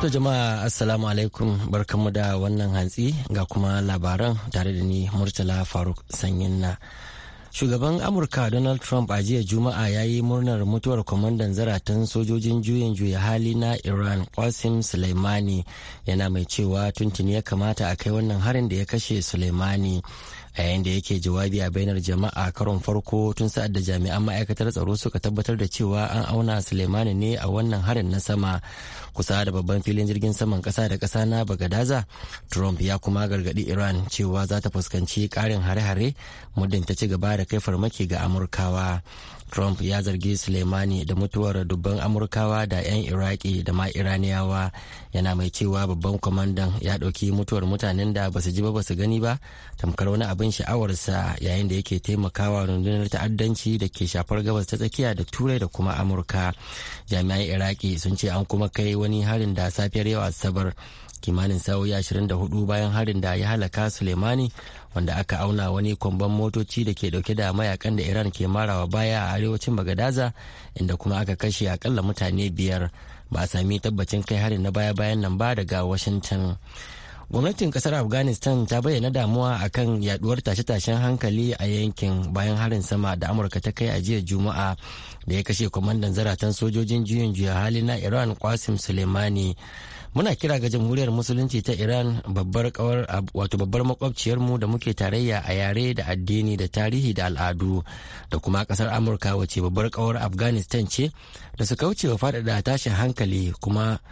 To jama'a assalamu alaikum barkanmu da wannan hantsi ga kuma labaran tare da ni Murtala Faruk Sanyin na. Shugaban Amurka Donald Trump a jiya Juma'a ya yi murnar mutuwar kwamandan zaratan sojojin juyin juya hali na Iran Qasim Soleimani yana mai cewa tuntuni ya kamata a kai wannan harin da ya kashe Soleimani. a yayin da yake jawabi a bainar jama'a karon farko tun sa'ad da jami'an ma'aikatar tsaro suka tabbatar da cewa an auna suleimani ne a wannan harin na sama kusa da babban filin jirgin saman kasa da kasa na bagadaza trump ya kuma gargadi iran cewa za ta fuskanci karin hare-hare muddin ta ci gaba da kai farmaki ga amurkawa Trump ya zargi Suleimani da mutuwar dubban Amurkawa da 'yan Iraki da ma Iraniyawa yana mai cewa babban kwamandan ya ɗauki mutuwar mutanen da ba su ji ba su gani ba tamkar wani abu abin sha'awarsa yayin da yake taimakawa rundunar ta'addanci da ke shafar gabas ta tsakiya da turai da kuma amurka jami'an iraki sun ce an kuma kai wani harin da safiyar yau asabar kimanin sa'o'i hudu bayan harin da ya halaka suleimani wanda aka auna wani kwamban motoci da ke dauke da mayakan da iran ke marawa baya a arewacin bagadaza inda kuma aka kashe akalla mutane biyar ba a sami tabbacin kai harin na baya-bayan nan ba daga washington gwamnatin kasar afghanistan ta bayyana damuwa akan yaduwar tashe-tashen hankali a yankin bayan harin sama da amurka ta kai a jiya juma'a da ya kashe kwamandan zaratan sojojin juyin juya hali na iran kwasim suleimani muna kira ga jamhuriyar musulunci ta iran babbar kawar wato babbar makwabciyarmu da muke tarayya a yare da addini da tarihi da al'adu da kuma kasar amurka wace babbar kawar afghanistan ce da su kauce wa faɗaɗa tashin hankali kuma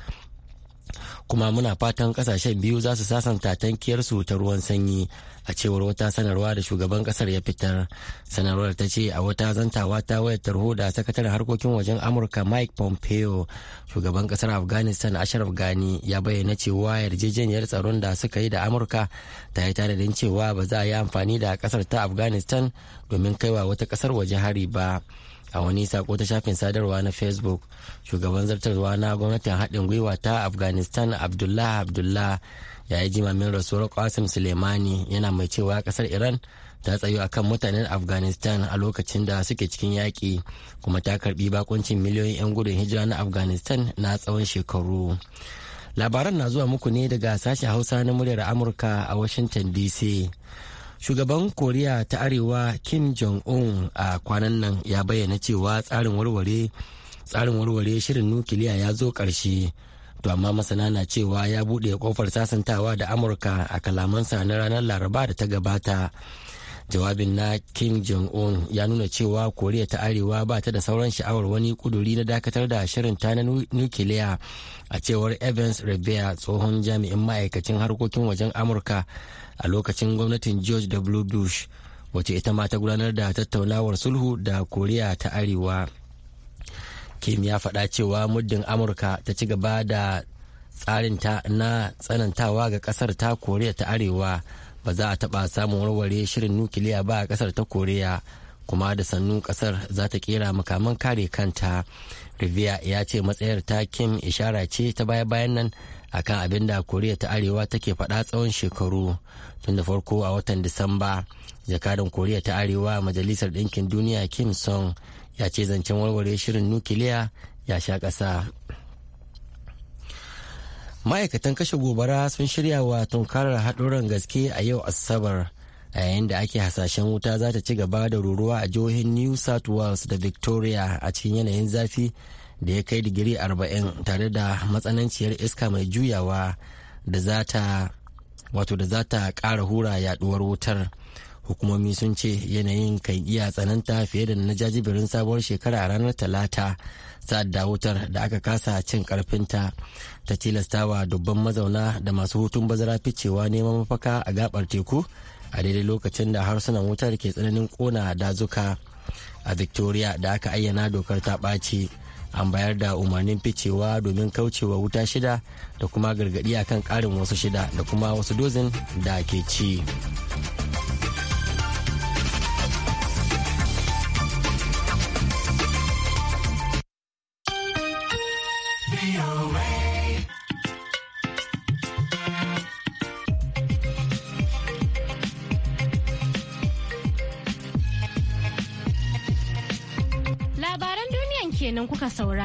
kuma muna fatan kasashen biyu za su sasanta tankiyarsu ta ruwan sanyi a cewar wata sanarwa da shugaban kasar ya fitar sanarwar ta ce a wata zantawa ta wayar tarho da sakataren harkokin wajen amurka mike pompeo shugaban kasar afghanistan ashraf ghani ya bayyana cewa yarjejeniyar tsaron da suka yi da amurka ta yi tanadin cewa ba za a yi amfani da kasar ta afghanistan domin kaiwa wata kasar waje hari ba. a wani sako ta shafin sadarwa na facebook shugaban zartarwa na gwamnatin haɗin gwiwa ta afghanistan abdullah abdullah ya yi jimamin rasuwar qasim suleimani yana mai cewa kasar iran ta tsayo akan mutanen afghanistan a lokacin da suke cikin yaƙi kuma ta karbi bakuncin miliyoyin 'yan gudun hijira na afghanistan na tsawon shekaru labaran na zuwa muku ne daga sashen hausa na muryar amurka a washington dc shugaban koriya ta arewa kim jong-un a kwanan nan ya bayyana cewa tsarin warware tsarin warware shirin nukiliya ya zo ƙarshe to amma masana na cewa ya buɗe kofar sasantawa da amurka a kalamansa na ranar laraba da ta gabata jawabin na kim jong-un ya nuna cewa koriya ta arewa ba ta da sauran sha'awar wani kuduri na dakatar da shirin ta na nukiliya a cewar evans rabia tsohon jami'in ma'aikacin harkokin wajen amurka a lokacin gwamnatin george w bush wacce ita ma ta gudanar da tattaunawar sulhu da koriya ta arewa kim ya faɗa cewa muddin amurka ta ci gaba da tsarinta na tsanantawa ga ƙasar ta koriya ta arewa ba za a taɓa samun warware shirin nukiliya ba a ƙasar ta koriya kuma da sannu ƙasar za ta ƙera makaman kare kanta rivia ya ce matsayar ta kim ishara ce ta baya-bayan nan akan abin da koriya ta arewa take faɗa tsawon shekaru tun da farko a watan disamba jakadan koriya ta arewa majalisar ɗinkin duniya kim song ya ce zancen warware shirin nukiliya ya sha ƙasa ma'aikatan kashe gobara sun shirya wa tunkarar haɗuran gaske a yau asabar a yayin da ake hasashen wuta za ta ci gaba da ruruwa a jihohin new south wales da victoria a cikin yanayin zafi da ya kai digiri 40 tare da matsananciyar iska mai juyawa da za ta wato da za ƙara hura yaduwar wutar hukumomi sun ce yanayin kan iya tsananta fiye da na jajibirin sabuwar shekara a ranar talata sa'ad da wutar da aka kasa cin karfinta ta tilastawa dubban mazauna da masu hutun bazara ficewa neman mafaka a gabar teku a daidai lokacin da harsunan wutar ke tsananin kona dazuka a victoria da aka ayyana dokar ta ɓaci an bayar da umarnin ficewa domin kaucewa wuta shida da kuma gargaɗi akan ƙarin wasu shida da kuma wasu dozin da ke ci.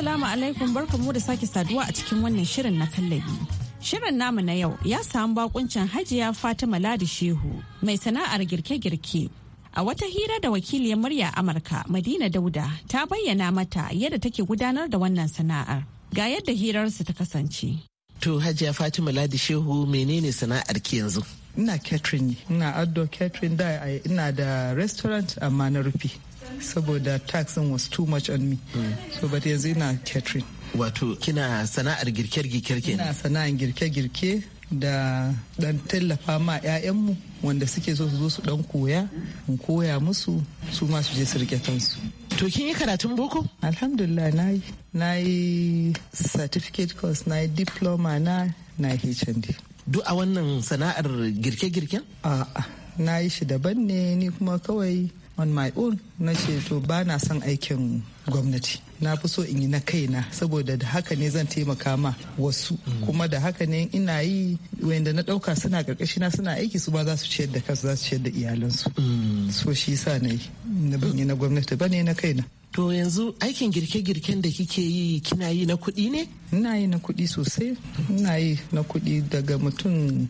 Assalamu alaikum barkamu da sake saduwa a cikin wannan shirin na kallabi. Shirin namu na yau ya samu bakuncin Hajiya Fatima Ladi Shehu mai sana'ar girke-girke. A wata hira da wakiliyar murya Amurka Madina Dauda ta bayyana mata yadda take gudanar da wannan sana'ar. Ga yadda hirarsu ta kasance. To Hajiya Fatima Ladi Shehu menene sana'ar ki yanzu? Ina catering, ina outdoor catering da ina da restaurant amma na rufe. saboda tax was too much on me hmm. so but yanzu ina catering wato kina sana'ar girke-girke Kina sana'ar girke-girke da dan tallafa ma 'ya'yanmu wanda suke so su zo su dan koya in koya musu su ma su je su rike kansu to kin yi karatun boko alhamdulillah na yi na yi certificate course na yi diploma na na hnd duk a wannan sana'ar girke-girken a'a na yi shi daban ne ni kuma kawai on my own na ce to ba na son aikin gwamnati na fi so in yi na kaina saboda da haka ne zan taimaka ma wasu kuma da haka ne ina yi wanda na dauka suna karkashina suna aiki su ba za su ciyar da kansu za su ciyar da iyalansu mm. so shi sa na yi na ban yi na gwamnati ba ne na kaina To yanzu aikin girke-girken da kike yi kina yi na kuɗi ne? Ina yi na kuɗi sosai. Ina yi na kuɗi daga mutum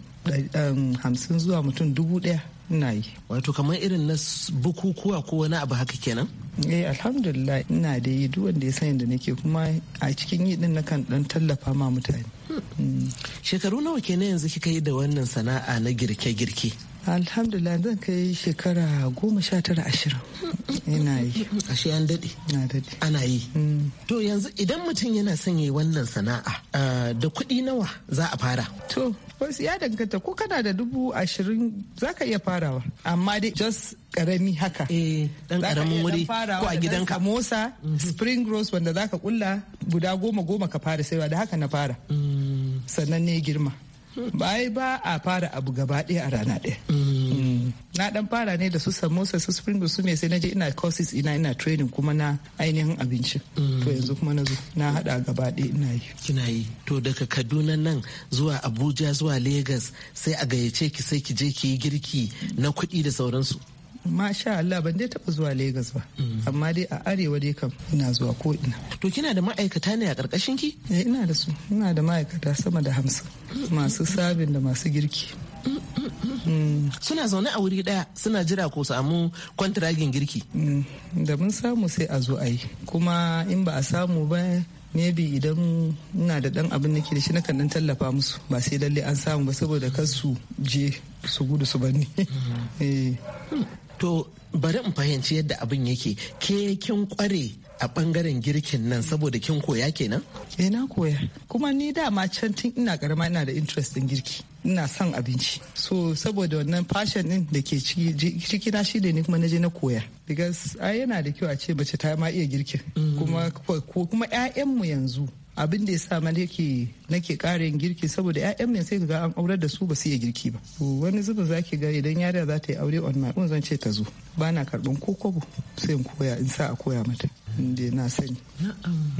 hamsin zuwa mutum dubu ɗaya ina yi. Wato kamar irin na bukukuwa ko wani abu haka kenan? Eh alhamdulillah ina da yi duk wanda ya sani da nake kuma a cikin yi din nakan dan tallafa ma mutane. Hmm. Shekaru nawa kenan yanzu kika yi da wannan sana'a na girke-girke? alhamdulillah zan kai shekara goma sha tara ashirin yana yi ashe an daɗe na ana yi mm. to yanzu idan mutum yana son yi wannan sana'a ah, da kuɗi nawa za a fara to wasu ya danganta ko kana da dubu ashirin za ka iya farawa amma dai just karami haka dan eh, karamin wuri ko a gidan ka mosa mhm. spring rose wanda za ka kulla guda goma goma ka fara saiwa da haka na fara mm. sannan ne girma bai ba a fara abu gaba ɗaya a rana ɗaya mm. na dan fara ne da su samosa su spring su me sai na je ina courses ina ina training kuma na ainihin abinci to mm. yanzu kuma na na hada gaba ɗaya ina yi kina yi to daga Kaduna nan zuwa Abuja zuwa Lagos sai a gayyace ki sai ki je ki yi girki na kuɗi da sauransu masha Allah ban dai taba zuwa Legas ba mm. amma dai a arewa dai kam ina zuwa ko ina to kina da ma'aikata ne a karkashin ki eh ina da su ina da ma'aikata sama da hamsin masu sabin da masu girki mm, mm, suna zaune a wuri daya suna jira ko samu kwantiragin girki da mun samu sai a zo a yi kuma in ba a samu ba maybe idan ina da dan abin nake da shi na dan tallafa musu ba sai lalle an samu ba saboda kar je su gudu su bani mm-hmm. eh. to bari in fahimci yadda abin yake ke kin kware a bangaren girkin nan saboda kin koya kenan? eh na koya kuma ni dama can tun ina karama ina da interest din girki ina son abinci so saboda wannan fashion din da ke ciki na shi da ni kuma na na koya because ai yana da kyau a ce mace ta ma iya girkin mm. kuma kuma mu yanzu abin da ya sa ma nake nake yin girki saboda 'ya'yan mai sai ga an aurar da su ba su iya girki ba to wani zubin zaki ga idan yara za ta yi aure on my zan ce ta zo ba na karɓan ko kwabo sai in koya in sa a koya mata inda na sani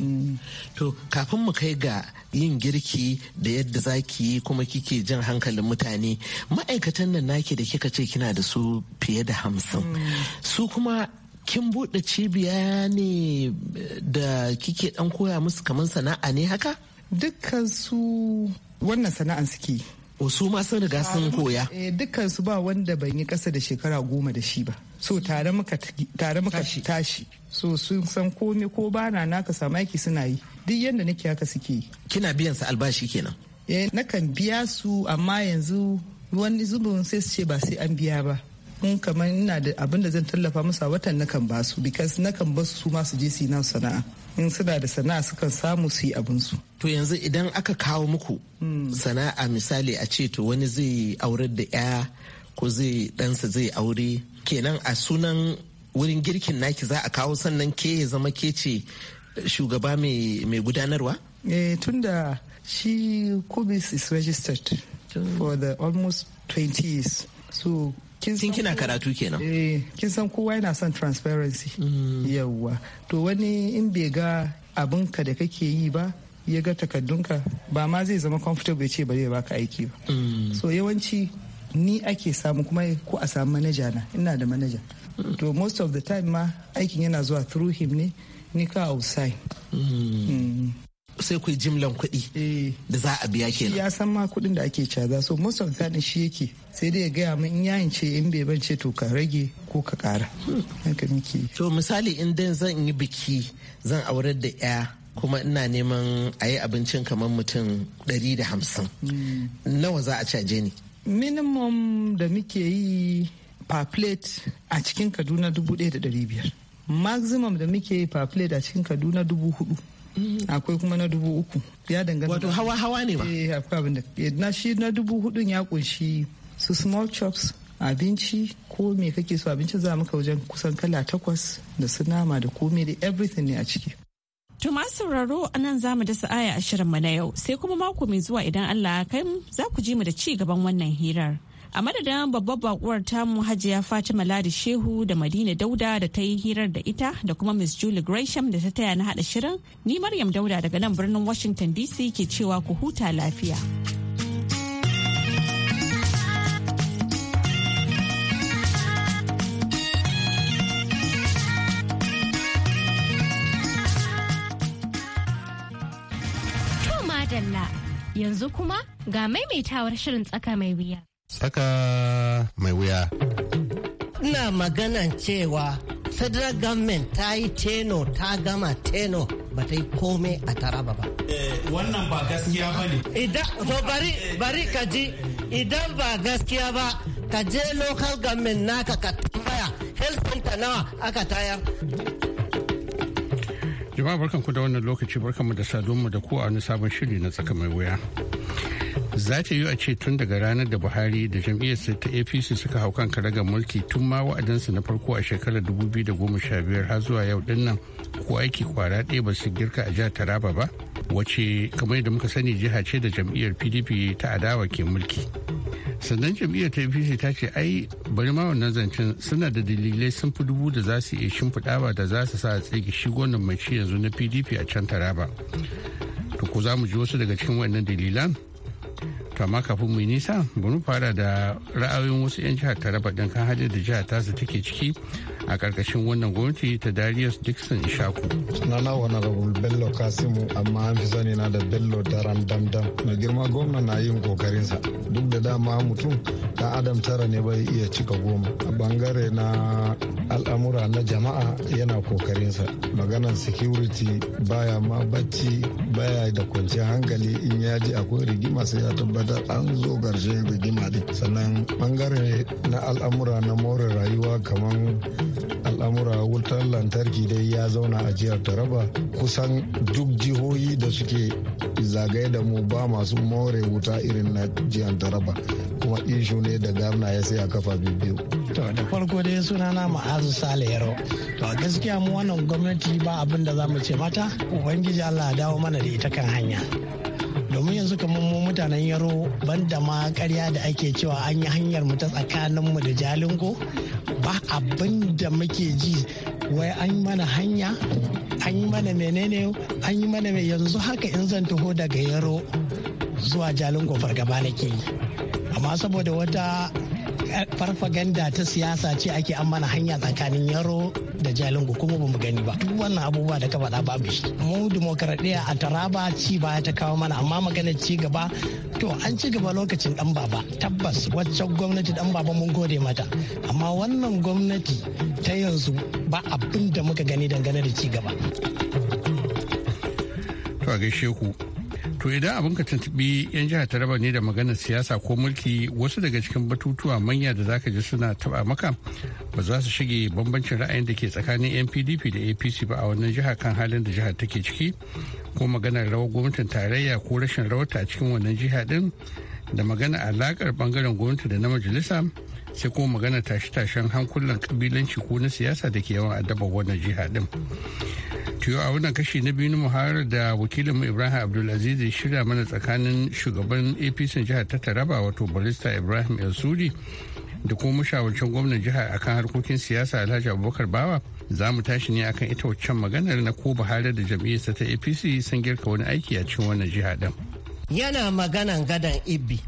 mm. to kafin mu kai ga yin girki da yadda za ki yi kuma kike jin hankalin mutane ma'aikatan nan naki da kika ce kina da su fiye da hamsin mm. su kuma kin buɗe cibiya ne eh, da kike ɗan koya musu kamar sana'a ne haka? Dukkan su wannan sana'an suke. O su ma sun riga sun koya. Eh, dukkan su ba wanda ban yi ƙasa da shekara goma da shi ba. So tare muka tashi. So sun san komi ko bana naka samu aiki suna yi. Duk yadda nake haka suke yi. Kina biyan su albashi kenan. Eh nakan biya su amma yanzu wani zubin sai su ce ba sai an biya ba. in kamar ina da abin da zan tallafa musu a watan na ba su because na kan basu su masu su je su yi nan sana'a in suna da sana'a sukan samu su yi abin su to yanzu idan aka kawo muku hmm. sana'a misali a ce to wani zai aurar da ya ko zai ɗansa zai aure kenan a sunan wurin girkin naki za a kawo sannan ke ya zama ke ce shugaba mai gudanarwa? Eh, tunda shi kubis is registered for the almost 20 years so kin kina karatu kenan eh, kin san kowa yana son transparency mm. yawwa to wani in bai ga abin ka da kake yi ba ya ga takaddunka ba ma zai zama comfortable ce ba zai baka aiki ba mm. so yawanci ni ake samu kuma ko a samu manaja na ina da manaja mm. to most of the time ma aikin yana zuwa through him ne ni ka outside sai ku jimlan kuɗi eh. da za a biya kenan ya san ma kuɗin da ake caza so most of shi yake sai dai ya gaya min in yayin ce in bai bance to ka rage ko ka kara. haka muke to misali in dan zan yi biki zan aurar da ya kuma ina neman a yi abincin kamar mutum 150 hmm. nawa za a caje ni minimum da muke yi per plate a cikin kaduna 1500 maximum da muke yi per plate a cikin kaduna dubu 4000 Mm, akwai kuma na dubu uku ya dangana wato hawa hawa ne ba eh akwai abin da eh, na shi na dubu hudun ya kunshi su small chops abinci ko me kake so abinci za maka wajen kusan kala takwas da su nama da komai da everything ne a ciki To masu sauraro a nan za mu dasa aya ashirin mu na yau sai kuma mako mai zuwa idan Allah ya kai mu za ku ji mu da ci gaban wannan hirar. a madadin babbar bakuwar tamu hajiya fatima ladi shehu da madina dauda da ta yi hirar da ita da kuma miss julie gresham da ta taya na hada shirin ni maryam dauda daga nan birnin washington dc ke cewa ku huta lafiya. yanzu kuma ga maimaitawar shirin tsaka mai wuya. Saka mai wuya. Ina maganan cewa federal government ta yi teno ta gama teno ba ta yi komai a taraba ba. Eh, wannan ba gaskiya ba ne. Idan bari bari ka ji idan ba gaskiya ba ka je local government naka ka tambaya health center nawa aka tayar. Jama'a ku da wannan lokaci mu da saduwanmu da ku a wani sabon shiri na tsaka mai wuya. za ta yi a ce tun daga ranar da buhari da jam'iyyarsa ta apc suka hau kan karagar mulki tun ma wa'adansu na farko a shekarar 2015 har zuwa yau din ko aiki kwara ɗaya ba su girka a jihar taraba ba wace kamar yadda muka sani jiha ce da jam'iyyar pdp ta adawa ke mulki sannan jam'iyyar ta apc ta ce ai bari ma wannan zancen suna da dalilai sun fi dubu da za su iya shimfiɗawa da za su sa a tsige shigonan mai ci yanzu na pdp a can taraba to ko za mu ji wasu daga cikin wannan dalilan kama kafin mu nisa bari fara da ra'ayoyin wasu 'yan jihar taraba ɗin kan hajji da jihar tasu take ciki a ƙarƙashin wannan gwamnati ta darius dixon shaku sunana honorable bello kasimu amma an fi sani na da bello daram damdam mai girma gwamna na yin kokarinsa duk da dama mutum ta adam tara ne bai iya cika goma a bangare na al'amura na jama'a yana kokarinsa maganar security baya ma bacci baya da kwanciyar hankali in ya ji akwai rigima sai ya tabbatar an zo garshen rigima din sannan bangare na al'amura na more rayuwa kamar al'amura wutar lantarki dai ya zauna a jihar taraba kusan duk jihohi da suke zagaye da mu ba masu more wuta irin na jihar taraba kuma ishu ne da garna ya sai a kafa biyu to da farko dai suna sunana ma'azu sale yaro to a gaskiya mu wannan gwamnati ba abin da za mu ce mata ubangiji allah dawo mana da ita kan hanya domin yanzu kamar mu mutanen yaro banda ma karya da ake cewa an yi hanyar mu ta tsakaninmu da jalingo ba abin da muke ji wai an mana hanya an yi mana menene an yi mana mai yanzu haka in zan taho daga yaro zuwa jalin gobar gaba nake yi amma saboda wata farfaganda ta siyasa ce ake an mana hanya tsakanin yaro da jalingo kuma bamu gani ba duk wannan abubuwa da ka faɗa babu shi mu demokradiya a taraba ci baya ta kawo mana amma maganar ci gaba to an ci gaba lokacin dan baba tabbas waccan gwamnati dan baba mun gode mata amma wannan gwamnati ta yanzu ba abin da muka gani dangane da ci gaba to a gaishe ku To idan abin ka tuntuɓi 'yan jihar Taraba ne da maganar siyasa ko mulki wasu daga cikin batutuwa manya da zaka ji suna taba maka ba za su shige bambancin ra'ayin da ke tsakanin NPDP da APC ba a wannan jiha kan halin da jihar take ciki ko maganar rawar gwamnatin tarayya ko rashin rawarta a cikin wannan jiha din da magana alakar bangaren gwamnati da na majalisa sai kuma magana tashe-tashen hankulan kabilanci ko na siyasa da ke yawan addabar wannan jiha din. to a wannan kashi na biyu na muhawarar da wakilinmu ibrahim abdulaziz ya shirya mana tsakanin shugaban apc jihar ta taraba wato barista ibrahim el da kuma mashawarcin gwamnan jihar akan harkokin siyasa alhaji abubakar bawa za mu tashi ne akan ita waccan maganar na ko buhari da jam'iyyarsa ta apc sun girka wani aiki a cikin wannan jiha din yana maganan gadan ibi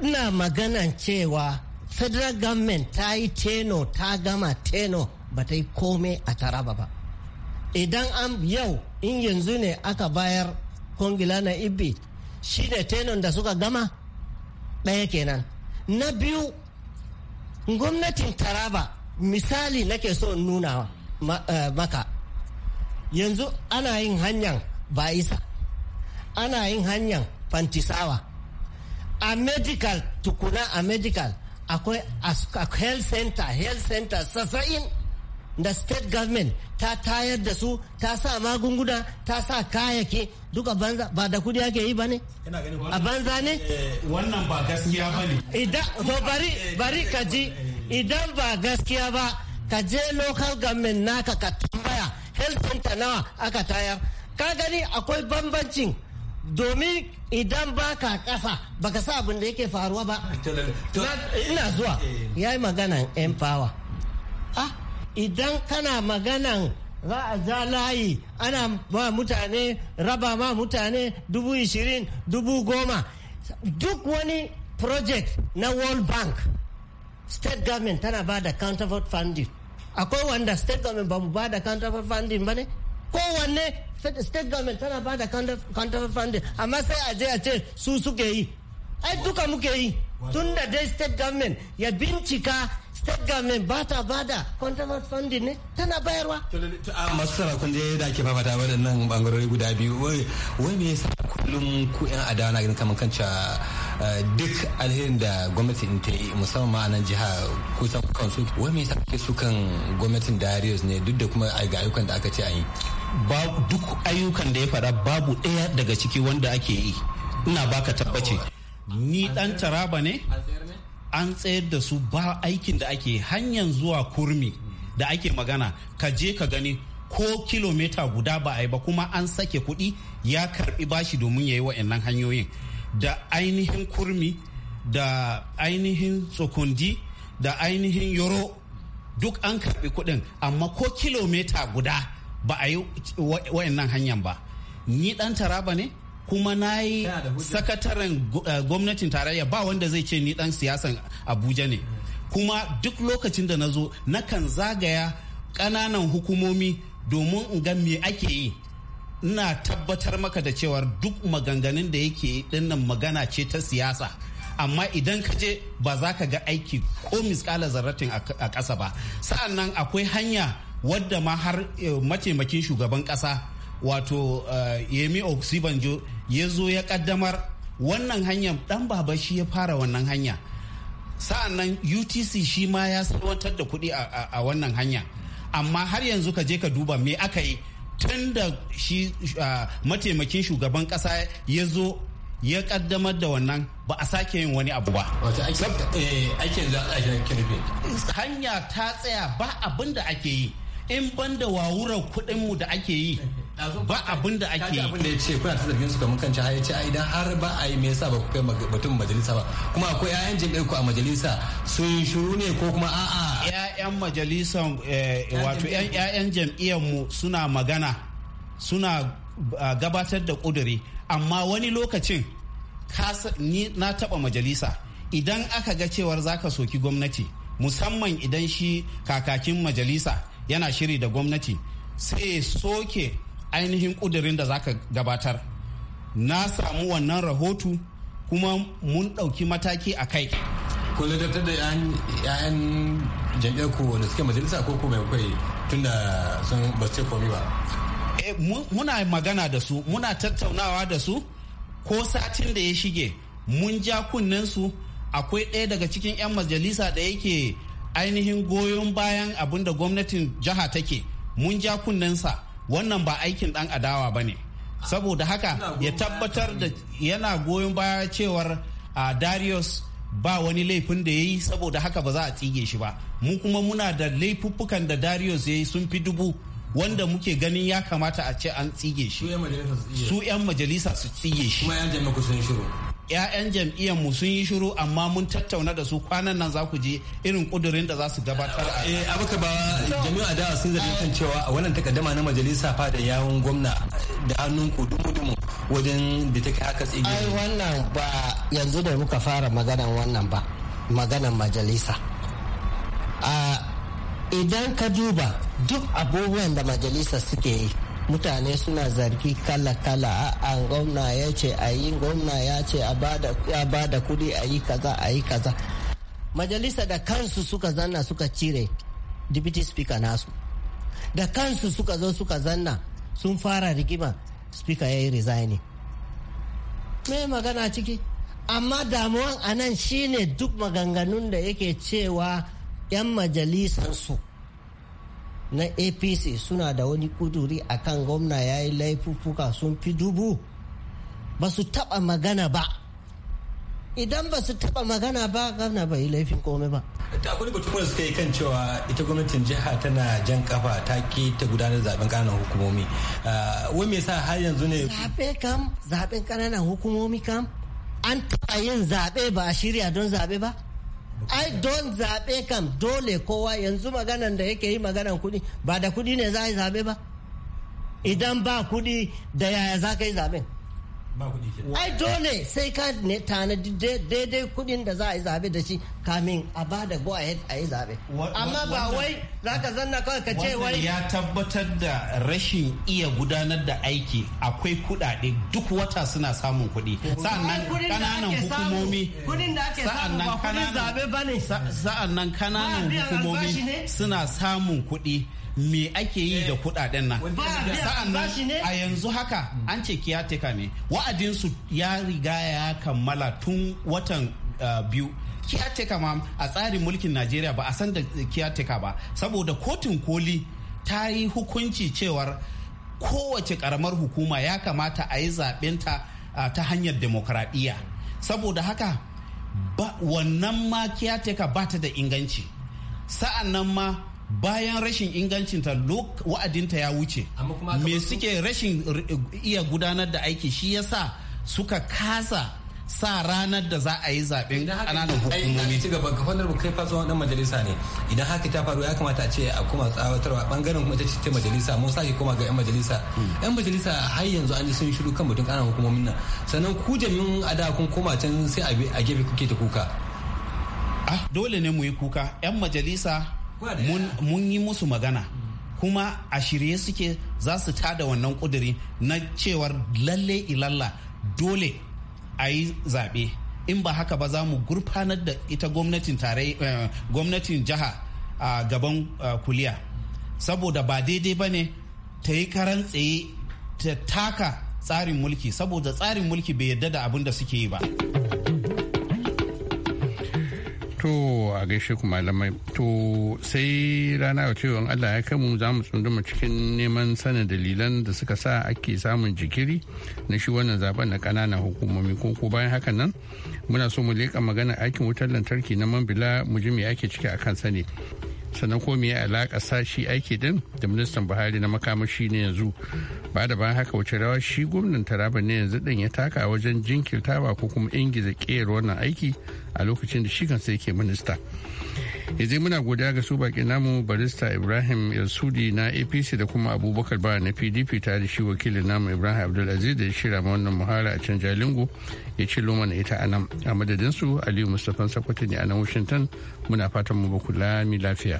ina maganan cewa federal government ta yi teno ta gama teno ba ta yi komai a taraba ba idan an yau in yanzu ne aka bayar kongila na ibi shi ne tenon da suka gama ɗaya kenan na biyu gwamnatin taraba misali nake so nuna eh, maka yanzu ana yin hanyar baisa ana yin hanyar fantisawa a medical tukuna a medical akwai health center health center sassa'in da state government ta tayar da su ta sa magunguna ta sa kayake duk a banza ba da kudi ake yi ba ne a banza ne eh, wannan ba gaskiya ba ne idan to bari bari ka ji idan ba gaskiya ba ka je local government naka ka tambaya health center nawa aka tayar ka gani akwai bambancin domin idan ba ka kasa baka sa abin da yake faruwa ba ina zuwa eh. ya yi maganan empower ah idan kana maganan za a ja layi ana ba mutane raba ma mutane dubu ishirin dubu goma duk wani project na world bank state government tana ba da counterfeit funding akwai wanda state government ba mu ba da counterfeit funding ba ne kowanne state government tana ba da counterfeit funding amma sai a je a ce su suke yi ai duka muke yi tun da dai state government ya bincika state government ba ta bada contract funding ne tana bayarwa a masu sarakun da ake fafata waɗannan bangarori guda biyu wai me yasa kullum ku yan adawa na ganin kamar kanca eh, duk alherin da gwamnati in ta yi musamman ma a nan jiha kusan kansu wai me yasa kake kan gwamnatin Darius ne duk da kuma ayyukan da aka ce an yi duk ayyukan da ya faɗa babu ɗaya daga ciki wanda ake yi ina baka tabbaci ni dan taraba ne an tsayar da su ba aikin da ake hanyar zuwa kurmi da ake magana ka je ka gani ko kilomita guda ba a yi ba kuma an sake kuɗi ya karbi bashi domin ya yi wa'annan hanyoyin da ainihin kurmi da ainihin tsokundi da ainihin yoro duk an karbi kuɗin amma ko kilomita guda ba a yi wa'annan hanyar ba ni ɗan taraba ne kuma na yi sakataren eh, gwamnatin tarayya ba wanda zai ce ni dan siyasan abuja ne kuma duk lokacin da na zo nakan zagaya ƙananan hukumomi domin in ga me ake yi ina tabbatar maka da cewar duk maganganun da yake dinnan magana ce ta siyasa amma idan ka je ba za ka ga aiki ko miskala zarratin a ƙasa ba sa'annan akwai hanya wadda ma har eh, mataimakin shugaban ƙasa wato eh, yemi osibanjo ya zo ya kaddamar wannan hanyar dan baba shi ya fara wannan hanya sa'an nan utc shi ma ya salwantar da kuɗi a wannan hanya amma har yanzu ka je ka duba me aka yi tun da shi mataimakin shugaban ƙasa ya zo ya kaddamar da wannan ba a sake yin wani abu ba. Aikin eh, za a Hanya ta tsaya ba abin da ake yi. in ban da wawurar mu da ake yi ba abin da ake yi abin da ya ce kuna ta zargin su kamar kan ci ya ce idan har ba a yi me yasa ba ku kai batun majalisa ba kuma akwai ƴaƴan jami'ai ku a majalisa sun shiru ne ko kuma a'a ƴaƴan majalisa eh, wato ƴaƴan jam'iyyar mu suna magana suna gabatar da ƙuduri amma wani lokacin ni na taɓa majalisa idan aka ga cewar zaka soki gwamnati musamman idan shi kakakin majalisa yana shiri da gwamnati sai soke ainihin kudirin da zaka gabatar na samu wannan rahoto kuma mun ɗauki mataki a kai ko ta da 'ya'yan jam'iyyar ku da suke majalisa ko kuma kai tun da sun ba su ce komi ba eh, muna magana da su muna tattaunawa da su ko satin da ya shige mun ja kunnen su akwai ɗaya daga cikin 'yan majalisa da yake ainihin goyon bayan abin da gwamnatin jiha take mun ja kunnensa wannan ba aikin dan adawa ba ne saboda haka ya tabbatar da yana goyon baya cewar a darius ba wani laifin da ya yi saboda haka ba za a tsige shi ba mu kuma muna da laifuffukan da darius ya yi sun fi dubu wanda muke ganin ya kamata a ce an tsige shi su 'yan majalisa su tsige shi kuma shiru 'ya'yan jam'iyyar mu sun yi shiru amma mun tattauna da su kwanan nan za ku je irin kudurin da za su gabatar eh, a eh abuka ba jami'a da sun zabi kan cewa a wannan takaddama na majalisa fa da yawun gwamna da hannun ku dumu wajen da take haka tsige ai wannan ba yanzu da muka fara maganan wannan ba maganan majalisa a ah, idan ka duba duk abubuwan da majalisa suke yi mutane suna zargi kala-kala a gwamna ya ce a yi gwamna ya ce a ba da kudi a yi kaza a yi kaza majalisa da kansu suka zanna suka cire deputy speaker nasu da kansu suka zo suka zanna sun fara rigima speaker ya yi resigning mai magana ciki amma damuwan anan shine duk maganganun da yake cewa 'yan majalisansu su na apc suna da wani kuduri a kan gwamna ya yi laifuka sun fi dubu ba su taba magana ba idan ba su taba magana ba gwamna bai yi laifin komai ba da akwai batun da suka yi kan cewa ita gwamnatin jiha tana jan kafa ta ke ta gudanar zaben kananan hukumomi ah, wai me sa har yanzu ne zabe kam zaben kananan hukumomi kam an taba yin zabe ba a shirya don zabe ba ai don zaɓe kam dole kowa yanzu maganan da yake yi maganan kuɗi ba da kuɗi ne za a yi zaɓe ba idan ba kuɗi da yaya za ka yi zaɓen ai dole sai ka ne tanadi daidai kudin da za a yi zabe da shi kamin a ba da go ahead a yi zabe amma ba wai za ka zanna kawai ka ce wai ya tabbatar da rashin iya gudanar da aiki akwai kudade duk wata suna samun kudi sa'annan kananan hukumomi sa'annan kananan hukumomi suna samun kudi me ake yi da kudaden nan sa'an nan a yanzu haka hmm. an ce caretaker ne wa'adin su ya riga ya kammala tun watan uh, biyu caretaker ma a tsarin mulkin najeriya ba a san da caretaker ba saboda kotun koli ta yi hukunci cewar kowace karamar hukuma ya kamata a yi zaɓenta uh, ta hanyar demokradiyya saboda haka wannan ma caretaker ba ta da inganci sa'an nan ma bayan rashin ingancinta wa'adinta ya wuce me suke rashin eh, iya gudanar da aiki shi yasa suka kasa sa ranar da za a yi zaben ƙananan hukumomi. ci gaba ka fadar kai fasuwan dan majalisa ne idan haka ta faru ya kamata a ce a kuma tsawatarwa bangaren kuma ta ce majalisa mun sake koma ga yan majalisa hmm. yan majalisa har yanzu an ji sun shiru kan batun ƙananan hukumomin nan sannan ku jami'in ada kun koma can sai a gefe kuke ta kuka. Ah, dole ne mu yi kuka yan majalisa mun yi musu magana kuma a shirye suke za su tada wannan kuduri na cewar lalle ilalla dole a yi zaɓe in ba haka ba za mu gurfanar da ita gwamnatin eh, gwamnatin jiha a gaban eh, kuliya saboda ba daidai ba ne ta yi karan tsaye ta taka tsarin mulki saboda tsarin mulki bai yadda da abin da suke yi ba. to a gaishe ku malamai to sai rana wa cewa allah ya kamu za mu tsunduma cikin neman sanin dalilan da suka sa ake samun jikiri na shi wannan zaben na kanana hukumomi ko ko bayan hakan nan muna so mu leƙa magana aikin wutar lantarki na mambila mu ji me ake ciki akan sani sannan komi me alaƙa sashi aiki din da ministan buhari na makamashi ne yanzu ba da bayan haka wace rawa shi gwamnan taraba ne yanzu din ya taka wajen jinkirtawa ko kuma ingiza ƙera wannan aiki a lokacin da shi kansa yake minista yanzu muna godiya ga su baƙin namu barista ibrahim yasudi na apc da kuma abubakar ba na pdp tare da shi wakilin namu ibrahim abdulaziz da ya shirya ma wannan muhara a can jalingo ya ce loma na ita a nan a madadinsu aliyu mustapha sakwato ne a nan washington muna fatan mu baku lami mi lafiya.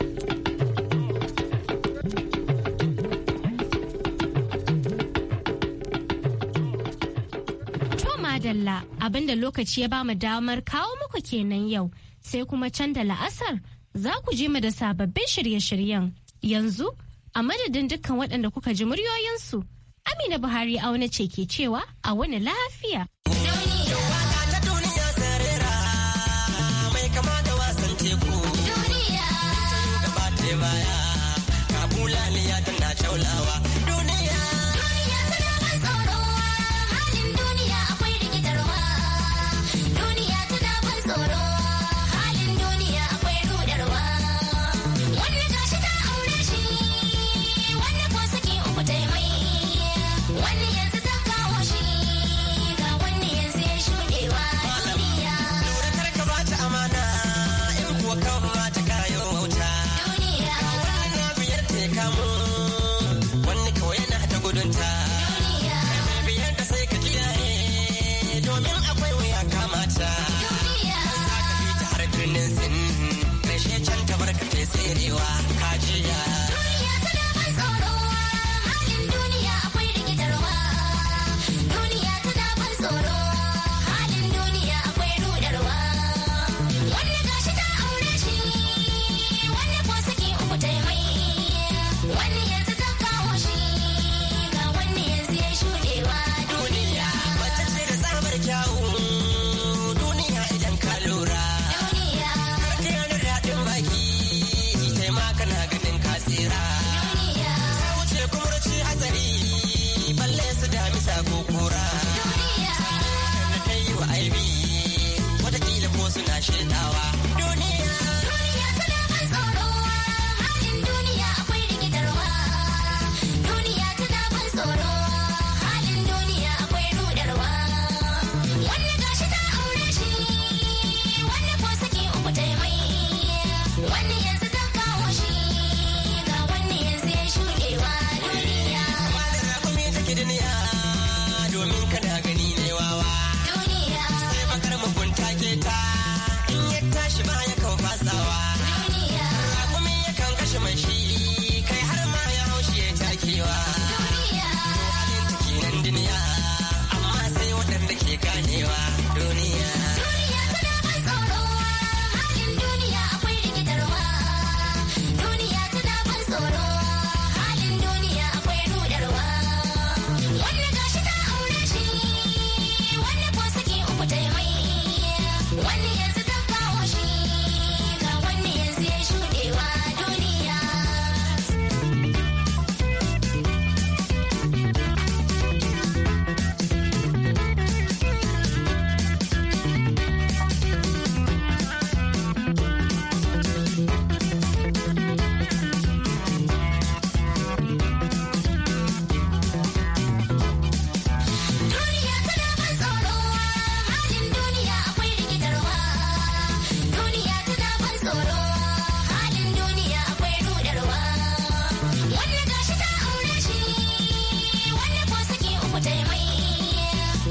da lokaci ya ba mu damar kawo muku kenan yau sai kuma can da la'asar za ku je mu da sababbin shirye-shiryen. Yanzu, a madadin dukkan waɗanda kuka ji muryoyinsu, Amina Buhari auna ce ke cewa a wani lafiya.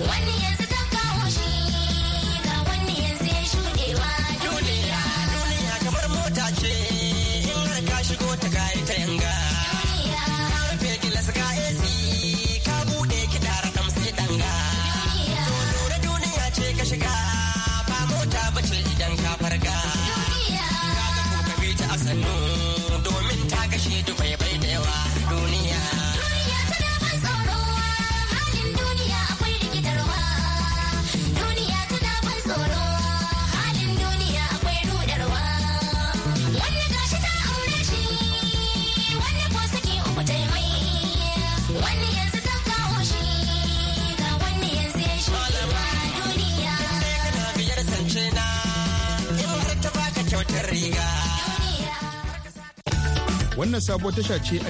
Let me wannan sabuwar tasha ce a